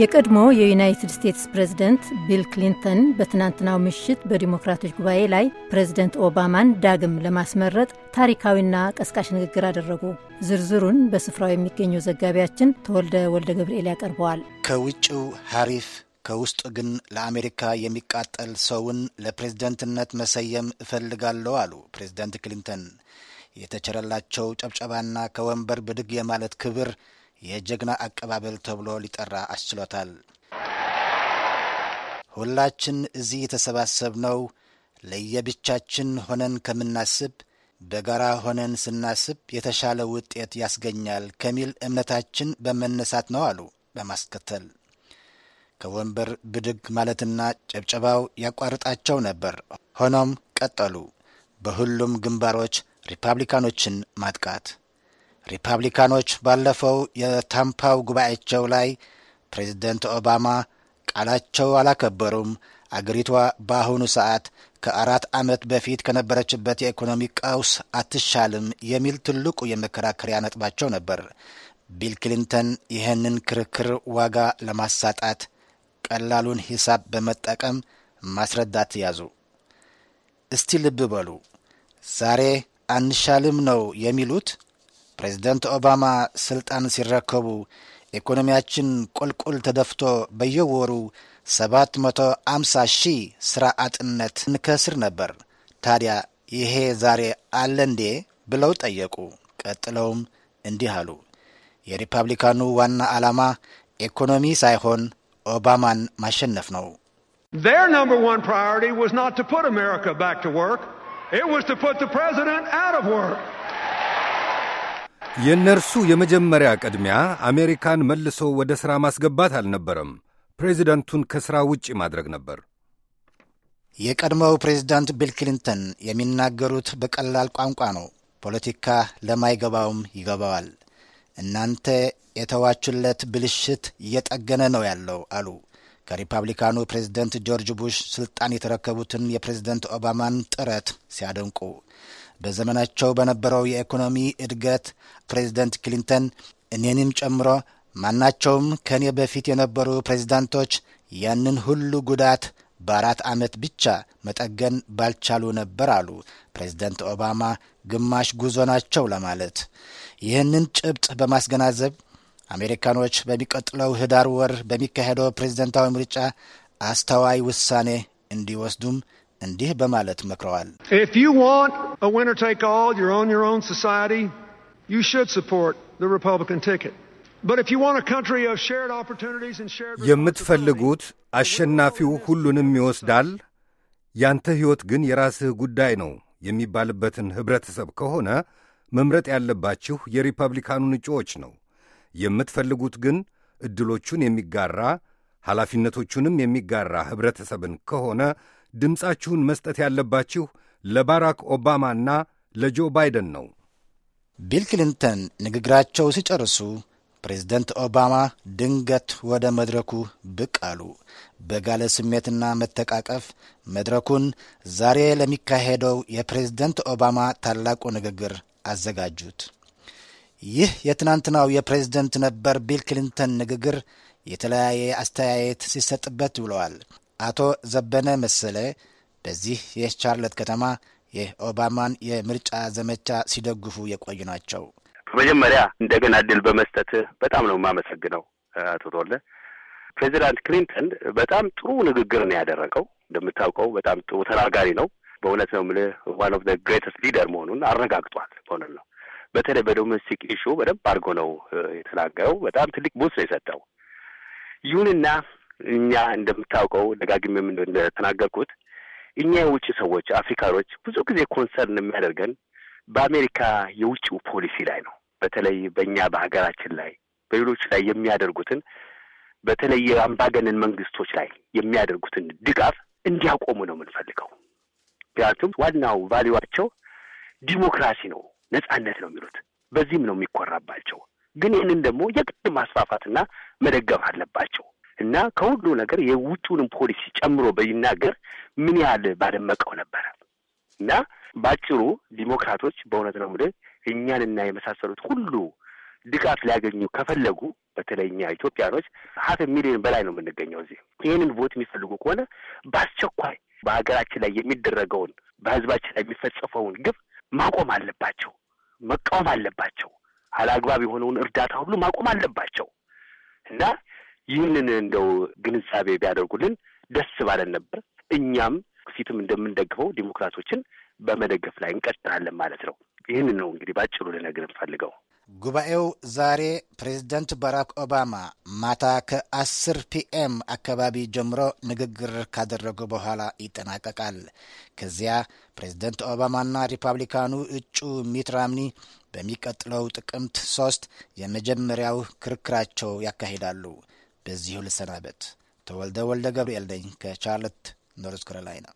የቀድሞ የዩናይትድ ስቴትስ ፕሬዝደንት ቢል ክሊንተን በትናንትናው ምሽት በዲሞክራቶች ጉባኤ ላይ ፕሬዝደንት ኦባማን ዳግም ለማስመረጥ ታሪካዊና ቀስቃሽ ንግግር አደረጉ። ዝርዝሩን በስፍራው የሚገኘው ዘጋቢያችን ተወልደ ወልደ ገብርኤል ያቀርበዋል። ከውጭው ሐሪፍ ከውስጡ ግን ለአሜሪካ የሚቃጠል ሰውን ለፕሬዝደንትነት መሰየም እፈልጋለሁ አሉ ፕሬዝደንት ክሊንተን። የተቸረላቸው ጨብጨባና ከወንበር ብድግ የማለት ክብር የጀግና አቀባበል ተብሎ ሊጠራ አስችሎታል። ሁላችን እዚህ የተሰባሰብነው ለየብቻችን ሆነን ከምናስብ በጋራ ሆነን ስናስብ የተሻለ ውጤት ያስገኛል ከሚል እምነታችን በመነሳት ነው አሉ። በማስከተል ከወንበር ብድግ ማለትና ጨብጨባው ያቋርጣቸው ነበር። ሆኖም ቀጠሉ። በሁሉም ግንባሮች ሪፐብሊካኖችን ማጥቃት ሪፐብሊካኖች ባለፈው የታምፓው ጉባኤቸው ላይ ፕሬዝደንት ኦባማ ቃላቸው አላከበሩም፣ አገሪቷ በአሁኑ ሰዓት ከአራት ዓመት በፊት ከነበረችበት የኢኮኖሚ ቀውስ አትሻልም የሚል ትልቁ የመከራከሪያ ነጥባቸው ነበር። ቢል ክሊንተን ይህንን ክርክር ዋጋ ለማሳጣት ቀላሉን ሂሳብ በመጠቀም ማስረዳት ያዙ። እስቲ ልብ በሉ፣ ዛሬ አንሻልም ነው የሚሉት ፕሬዝደንት ኦባማ ስልጣን ሲረከቡ ኢኮኖሚያችን ቁልቁል ተደፍቶ በየወሩ 750 ሺህ ሥራ አጥነት እንከስር ነበር። ታዲያ ይሄ ዛሬ አለ እንዴ ብለው ጠየቁ። ቀጥለውም እንዲህ አሉ። የሪፐብሊካኑ ዋና ዓላማ ኢኮኖሚ ሳይሆን ኦባማን ማሸነፍ ነው። Their number one priority was not to put America back to work. It was to put the president out of work. የእነርሱ የመጀመሪያ ቅድሚያ አሜሪካን መልሶ ወደ ሥራ ማስገባት አልነበረም፣ ፕሬዚደንቱን ከሥራ ውጪ ማድረግ ነበር። የቀድሞው ፕሬዚዳንት ቢል ክሊንተን የሚናገሩት በቀላል ቋንቋ ነው። ፖለቲካ ለማይገባውም ይገባዋል። እናንተ የተዋችለት ብልሽት እየጠገነ ነው ያለው አሉ። ከሪፐብሊካኑ ፕሬዝደንት ጆርጅ ቡሽ ስልጣን የተረከቡትን የፕሬዝደንት ኦባማን ጥረት ሲያደንቁ በዘመናቸው በነበረው የኢኮኖሚ እድገት ፕሬዚደንት ክሊንተን እኔንም ጨምሮ ማናቸውም ከእኔ በፊት የነበሩ ፕሬዚዳንቶች ያንን ሁሉ ጉዳት በአራት ዓመት ብቻ መጠገን ባልቻሉ ነበር አሉ ፕሬዚደንት ኦባማ ግማሽ ጉዞ ናቸው ለማለት። ይህንን ጭብጥ በማስገናዘብ አሜሪካኖች በሚቀጥለው ህዳር ወር በሚካሄደው ፕሬዝደንታዊ ምርጫ አስተዋይ ውሳኔ እንዲወስዱም እንዲህ በማለት መክረዋል። a winner take all, you're on your own society, you should support the Republican ticket. But if you want a country of shared shared. opportunities and የምትፈልጉት አሸናፊው ሁሉንም ይወስዳል፣ ያንተ ሕይወት ግን የራስህ ጉዳይ ነው የሚባልበትን ኅብረተሰብ ከሆነ መምረጥ ያለባችሁ የሪፐብሊካኑን እጩዎች ነው። የምትፈልጉት ግን ዕድሎቹን የሚጋራ ኃላፊነቶቹንም የሚጋራ ኅብረተሰብን ከሆነ ድምፃችሁን መስጠት ያለባችሁ ለባራክ ኦባማና ለጆ ባይደን ነው። ቢል ክሊንተን ንግግራቸው ሲጨርሱ ፕሬዝደንት ኦባማ ድንገት ወደ መድረኩ ብቅ አሉ። በጋለ ስሜትና መተቃቀፍ መድረኩን ዛሬ ለሚካሄደው የፕሬዝደንት ኦባማ ታላቁ ንግግር አዘጋጁት። ይህ የትናንትናው የፕሬዝደንት ነበር ቢል ክሊንተን ንግግር የተለያየ አስተያየት ሲሰጥበት ብለዋል። አቶ ዘበነ መሰለ በዚህ የቻርለት ከተማ የኦባማን የምርጫ ዘመቻ ሲደግፉ የቆዩ ናቸው። መጀመሪያ እንደገና እድል በመስጠት በጣም ነው የማመሰግነው አቶ ቶለ። ፕሬዚዳንት ክሊንተን በጣም ጥሩ ንግግር ነው ያደረገው። እንደምታውቀው በጣም ጥሩ ተናጋሪ ነው። በእውነት ነው የምልህ ዋን ኦፍ ዘ ግሬተስት ሊደር መሆኑን አረጋግጧል። በእውነት ነው። በተለይ በዶሜስቲክ ኢሹ በደንብ አድርጎ ነው የተናገረው። በጣም ትልቅ ቡስ ነው የሰጠው። ይሁንና እኛ እንደምታውቀው ደጋግሜም እንደተናገርኩት እኛ የውጭ ሰዎች አፍሪካኖች ብዙ ጊዜ ኮንሰርን የሚያደርገን በአሜሪካ የውጭው ፖሊሲ ላይ ነው። በተለይ በእኛ በሀገራችን ላይ በሌሎች ላይ የሚያደርጉትን በተለይ አምባገነን መንግስቶች ላይ የሚያደርጉትን ድጋፍ እንዲያቆሙ ነው የምንፈልገው። ምክንያቱም ዋናው ቫሊዋቸው ዲሞክራሲ ነው፣ ነጻነት ነው የሚሉት በዚህም ነው የሚኮራባቸው። ግን ይህንን ደግሞ የግድ ማስፋፋትና መደገፍ አለባቸው እና ከሁሉ ነገር የውጭውንም ፖሊሲ ጨምሮ በይናገር ምን ያህል ባደመቀው ነበረ እና በአጭሩ ዲሞክራቶች በእውነት ነው የምልህ እኛንና የመሳሰሉት ሁሉ ድጋፍ ሊያገኙ ከፈለጉ በተለይ እኛ ኢትዮጵያኖች ሀፍ ሚሊዮን በላይ ነው የምንገኘው እዚህ። ይህንን ቦት የሚፈልጉ ከሆነ በአስቸኳይ በሀገራችን ላይ የሚደረገውን በህዝባችን ላይ የሚፈጸፈውን ግብ ማቆም አለባቸው፣ መቃወም አለባቸው። አላግባብ የሆነውን እርዳታ ሁሉ ማቆም አለባቸው እና ይህንን እንደው ግንዛቤ ቢያደርጉልን ደስ ባለን ነበር። እኛም ፊትም እንደምንደግፈው ዲሞክራቶችን በመደገፍ ላይ እንቀጥላለን ማለት ነው። ይህን ነው እንግዲህ በአጭሩ ልነግር እንፈልገው። ጉባኤው ዛሬ ፕሬዚደንት ባራክ ኦባማ ማታ ከአስር ፒኤም አካባቢ ጀምሮ ንግግር ካደረጉ በኋላ ይጠናቀቃል። ከዚያ ፕሬዝደንት ኦባማና ሪፐብሊካኑ እጩ ሚት ራምኒ በሚቀጥለው ጥቅምት ሶስት የመጀመሪያው ክርክራቸው ያካሂዳሉ። በዚሁ ልሰናበት። ተወልደ ወልደ ገብርኤል ነኝ ከቻርለት ኖርዝ ካሮላይና